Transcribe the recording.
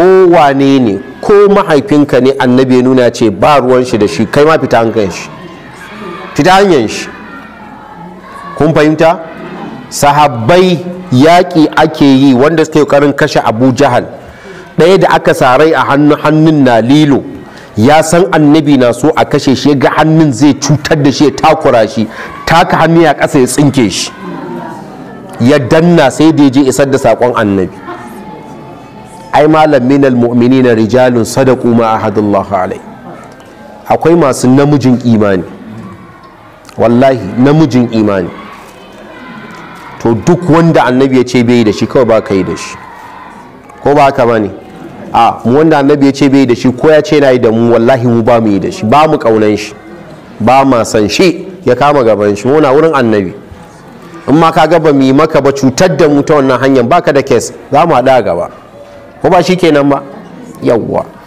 ko wane ne ko mahaifinka ne annabi ya nuna ce ba ruwan shi da shi kai ma fita hanyar shi fita hanyar shi kun fahimta sahabbai yaƙi ake yi wanda suke ƙoƙarin kashe abu jahal ɗaya da aka sarai a hannun hannun na lilo ya san annabi na so a kashe shi ga hannun zai cutar da shi ya takura shi taka hannu ya ƙasa ya tsinke shi ya danna sai da ya je isar da saƙon annabi ai malam minal mu'minina rijalun sadaku ma ahadullahu alai akwai masu namijin imani wallahi namijin imani to duk wanda annabi ya ce bai da shi kawai ba ka yi da shi ko ba ka bane a mu wanda annabi ya ce bai da shi ko ya ce na yi da mu wallahi mu ba mu yi da shi ba mu kaunan shi ba ma san shi ya kama gaban shi muna wurin annabi in ma ka ga ba mu yi maka ba cutar da mu ta wannan hanyar baka da kes za mu haɗa gaba ko ba shi kenan ba yawwa